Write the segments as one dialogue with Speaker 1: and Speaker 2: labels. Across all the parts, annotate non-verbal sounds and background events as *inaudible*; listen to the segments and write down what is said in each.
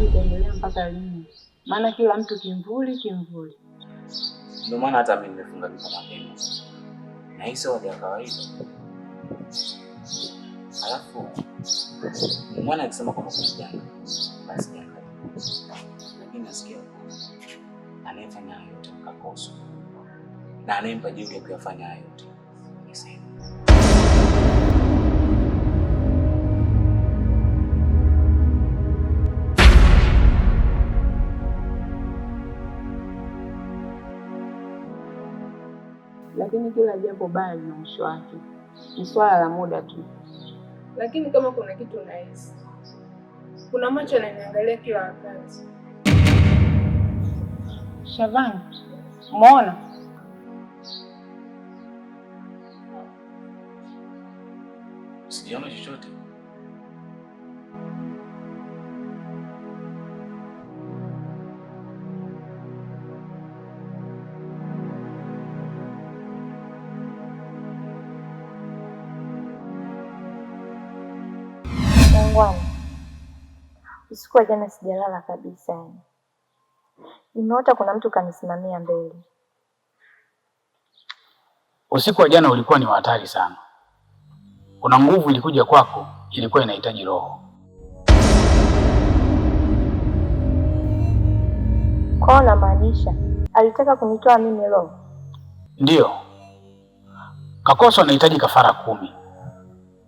Speaker 1: hali itaendelea mpaka lini? Maana kila mtu kimvuli kimvuli.
Speaker 2: Ndio maana hata mimi nimefunga duka mapema, na hizo ni ya kawaida. Alafu mwana akisema kwamba kuna janga, basi janga, lakini nasikia anayefanya hayo mkakoso. na anayempa juu ya kuyafanya hayo
Speaker 1: lakini kila jambo baya lina mwisho wake, ni swala la muda tu. Lakini kama kuna kitu nahisi, kuna macho ananiangalia kila wakati. Shavani, umeona?
Speaker 3: Sijaona chochote.
Speaker 1: Usiku jana sijalala kabisa, yani nimeota kuna mtu kanisimamia mbele.
Speaker 3: Usiku wa jana ulikuwa ni hatari sana, kuna nguvu ilikuja kwako, ilikuwa inahitaji roho
Speaker 1: kwao. Namaanisha alitaka kunitoa mimi roho?
Speaker 3: Ndiyo. Kakoso anahitaji kafara kumi,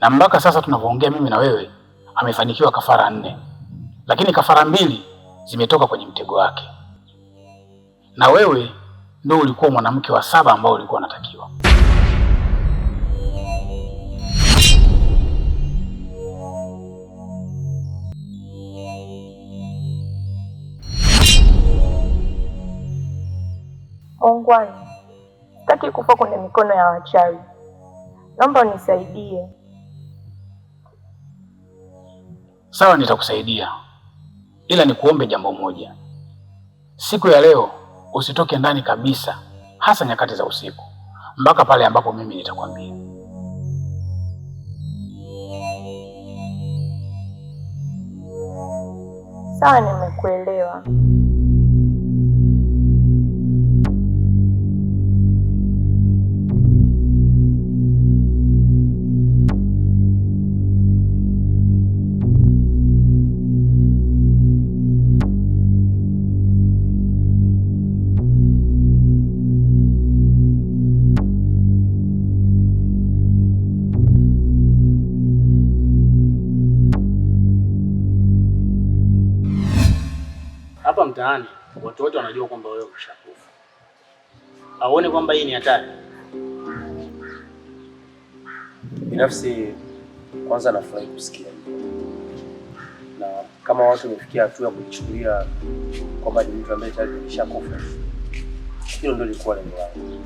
Speaker 3: na mpaka sasa tunavyoongea mimi na wewe amefanikiwa kafara nne lakini kafara mbili zimetoka kwenye mtego wake, na wewe ndio ulikuwa mwanamke wa saba ambao ulikuwa unatakiwa.
Speaker 1: Ongwani, sitaki kufa kwenye mikono ya wachawi, naomba unisaidie.
Speaker 3: Sawa, nitakusaidia ila nikuombe jambo moja, siku ya leo usitoke ndani kabisa, hasa nyakati za usiku, mpaka pale ambapo mimi nitakwambia.
Speaker 1: Sawa, nimekuelewa.
Speaker 4: hapa mtaani watu wote wanajua kwamba wewe umeshakufa. Auone kwamba hii ni hatari?
Speaker 5: Binafsi kwanza nafurahi kusikia, na kama watu wamefikia hatua ya kuichukulia kwamba ni mtu ambaye tayari ameshakufa, hilo ndio lilikuwa lengo langu,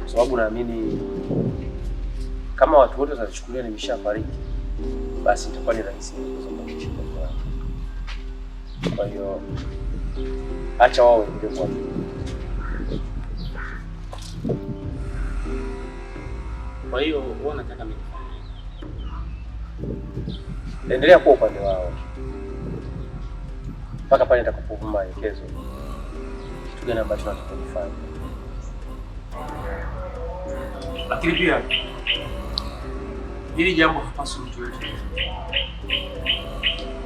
Speaker 5: kwa sababu naamini kama watu wote watachukulia nimeshafariki, basi itakuwa ni rahisi kwa hiyo acha wao ndio
Speaker 4: kwa hiyo wao nataka mimi endelea kuwa upande wao mpaka pale nitakapokupa maelekezo kitu gani ambacho nataka kufanya.
Speaker 3: Lakini pia hili jambo hapaswi mtu yote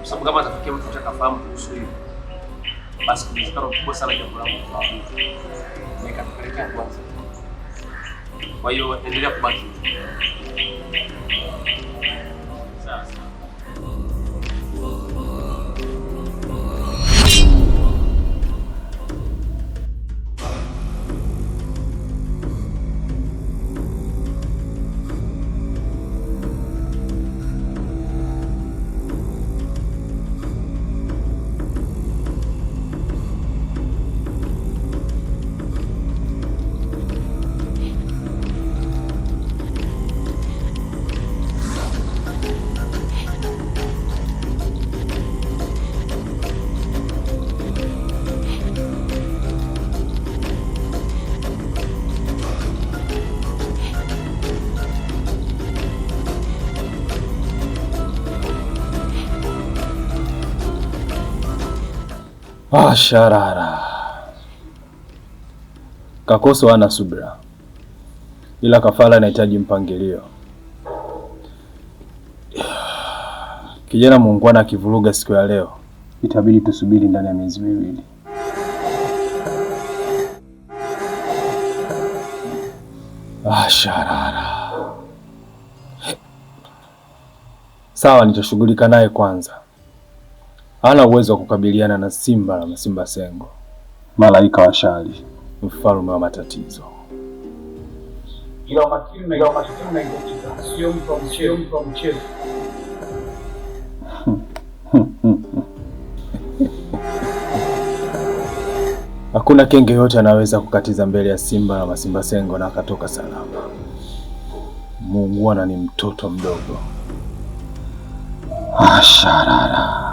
Speaker 3: kwa sababu kama atafikia mtu atakafahamu kuhusu hiyo, basi kuna uwezekano mkubwa sana jambo lako kufahamika na kwanza. Kwa hiyo endelea kubaki
Speaker 6: Ah, Sharara Kakoso ana subira, ila kafara inahitaji mpangilio. Kijana muungwana akivuruga siku ya leo, itabidi tusubiri ndani ya miezi miwili. Ah, Sharara, sawa, nitashughulika naye kwanza hana uwezo wa kukabiliana na simba la Masimba Sengo, malaika wa shari, mfalme wa matatizo. *laughs* Hakuna kenge yote anaweza kukatiza mbele ya simba la Masimba Sengo na akatoka salama. Muungwana ni mtoto mdogo. Asharara. Ah,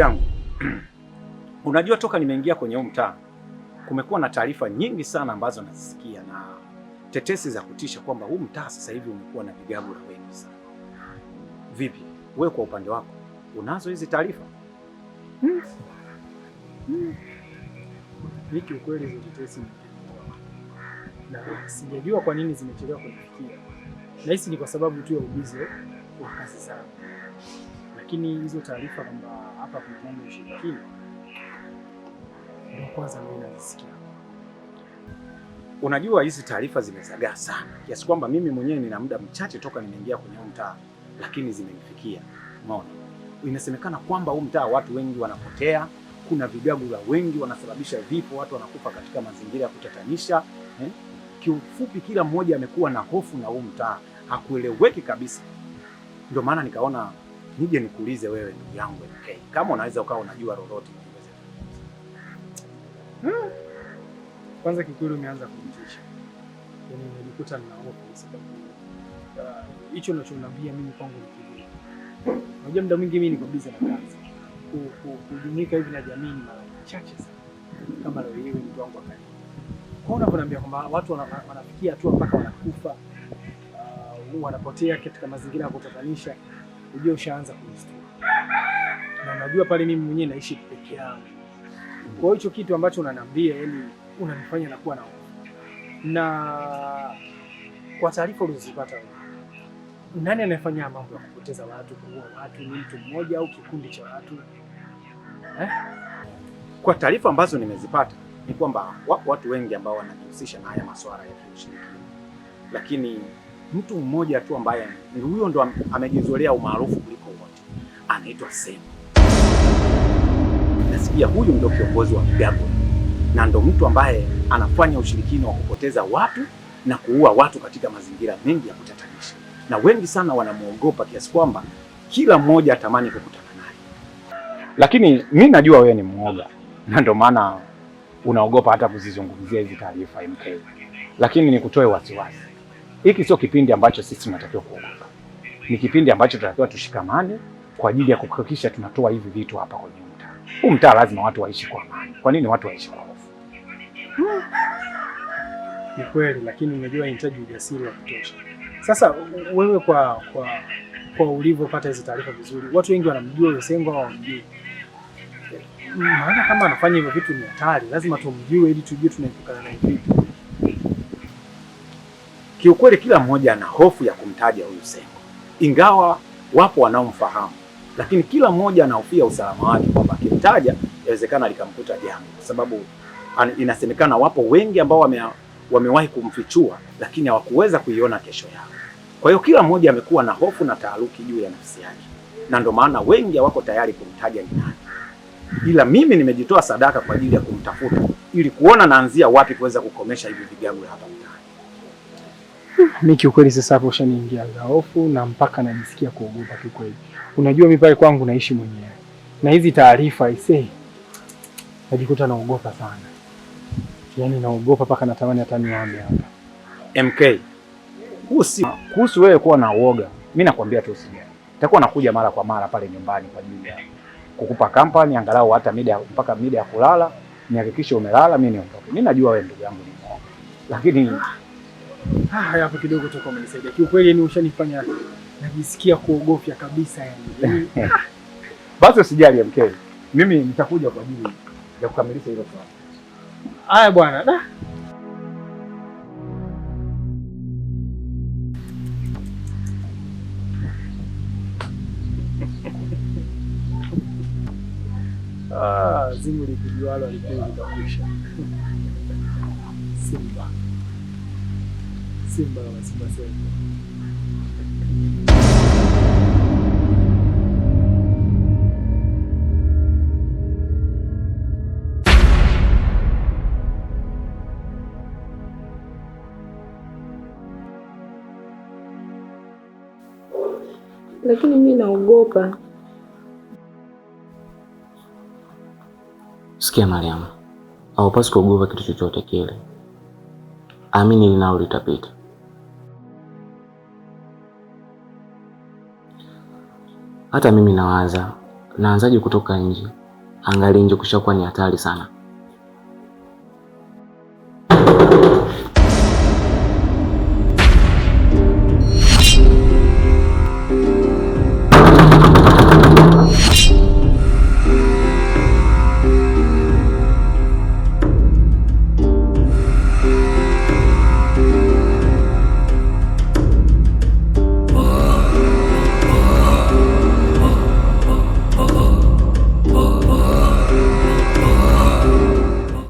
Speaker 7: yangu *clears throat* unajua, toka nimeingia kwenye huu mtaa kumekuwa na taarifa nyingi sana ambazo nazisikia na tetesi za kutisha kwamba huu mtaa sasa hivi umekuwa na vigabura wengi sana. Vipi wewe kwa upande wako unazo hizi taarifa? hmm.
Speaker 8: hmm. kiukweli hizo tetesi na sijajua kwa nini zimechelewa kunifikia. Nahisi ni kwa sababu tu ya ubizi wa kazi zangu, lakini hizo taarifa kwamba hapa kukiani ushirikina, ndio kwanza mimi nalisikia.
Speaker 7: Unajua, hizi taarifa zimezagaa sana kiasi kwamba mimi mwenyewe nina muda mchache toka nimeingia kwenye huu mtaa, lakini zimenifikia. Umeona, inasemekana kwamba huu mtaa watu wengi wanapotea, kuna vigagula wengi wanasababisha vifo, watu wanakufa katika mazingira ya kutatanisha eh? Kiufupi, kila mmoja amekuwa na hofu na huu mtaa, hakueleweki kabisa. Ndio maana nikaona nije nikuulize wewe ndugu yangu MK, kama unaweza ukawa unajua lolote
Speaker 8: hmm. Kwanza kikweli umeanza kunitisha, yaani nimejikuta nina hofu kwa sababu uh, hicho uh, unachoniambia mimi kwangu ni kigumu. Unajua muda mwingi mimi niko busy na kazi, kujumuika hivi na jamii ni mara chache sana, kama leo hii mtu wangu akaja. kwa unaponiambia kwamba watu wanafikia hatua mpaka wanakufa, uh, wanapotea katika mazingira ya kutatanisha ujue ushaanza kujistua, na unajua pale mimi mwenyewe naishi peke yangu. Kwa hiyo hicho kitu ambacho unaniambia, yani unanifanya nakuwa na hofu. Na kwa taarifa ulizopata wewe, nani anayefanya mambo ya kupoteza watu, kuua watu? Ni mtu mmoja au kikundi cha watu eh?
Speaker 7: Kwa taarifa ambazo nimezipata ni kwamba wako watu wengi ambao wanajihusisha na haya masuala ya kiushirikina, lakini mtu mmoja tu ambaye huyo ndo amejizolea umaarufu kuliko wote, anaitwa Sema. Nasikia huyu ndo kiongozi wa Vigabo na ndo mtu ambaye anafanya ushirikino wa kupoteza watu na kuua watu katika mazingira mengi ya kutatanisha, na wengi sana wanamwogopa kiasi kwamba kila mmoja atamani kukutana naye. Lakini mi najua wewe ni mwoga na ndo maana unaogopa hata kuzizungumzia hizi taarifa MK, lakini nikutoe wasiwasi hiki sio kipindi ambacho sisi tunatakiwa kuogopa, ni kipindi ambacho tunatakiwa tushikamane kwa ajili ya kuhakikisha tunatoa hivi vitu hapa kwenye mtaa huu. Mtaa lazima watu waishi kwa amani. Kwa nini watu waishi kwa hofu?
Speaker 8: Ni kweli, lakini unajua inahitaji ujasiri wa kutosha. Sasa wewe kwa kwa kwa ulivyopata hizo taarifa vizuri, watu wengi wanamjua huyo Sengo au hawamjui? Maana kama anafanya hivyo vitu ni hatari, lazima tumjue ili tujue tunaepukana na vitu
Speaker 7: Kiukweli kila mmoja ana hofu ya kumtaja huyu Sengo, ingawa wapo wanaomfahamu, lakini kila mmoja anahofia usalama wake, kwamba akimtaja inawezekana likamkuta jambo, kwa sababu inasemekana wapo wengi ambao wame, wamewahi kumfichua lakini hawakuweza kuiona kesho yao. Kwa hiyo kila mmoja amekuwa na hofu na taharuki juu ya nafsi yake, na ndio maana wengi hawako tayari kumtaja ni nani, ila mimi nimejitoa sadaka kwa ajili ya kumtafuta ili kuona naanzia wapi kuweza kukomesha hivi vigago hapa.
Speaker 8: Mimi kiukweli sasa hapo ushaniingia za hofu na mpaka najisikia kuogopa kiukweli. Unajua mimi pale kwangu naishi mwenyewe. Na hizi taarifa ise, Najikuta naogopa sana. Yaani naogopa mpaka natamani hata niame hapa.
Speaker 7: MK. Kuhusu kuhusu wewe kuwa na uoga. Mimi nakwambia tu usijali. Nitakuwa nakuja mara kwa mara pale nyumbani kwa ajili ya kukupa kampani angalau hata mida mpaka mida ya kulala. Nihakikishe umelala mimi niondoke. Mimi najua wewe ndugu yangu ni mwoga, Lakini
Speaker 8: Ah, Haya, hapo kidogo toka umenisaidia kiukweli, ni ushanifanya najisikia kuogofya kabisa yani. *laughs* Yaani, ah.
Speaker 7: Basi usijali MK, mimi nitakuja kwa ajili ya kukamilisha hilo swala.
Speaker 8: Haya bwana, da ah. zimu likijualo alikuwa likakwisha *laughs* Simba Simba wa Simba Sendo.
Speaker 1: Lakini mimi naogopa.
Speaker 9: Sikia Mariam, haupaswi kuogopa kitu chochote kile. Amini linalo litapita. Hata mimi nawaza naanzaje kutoka nje, Angali nje kushakuwa ni hatari sana.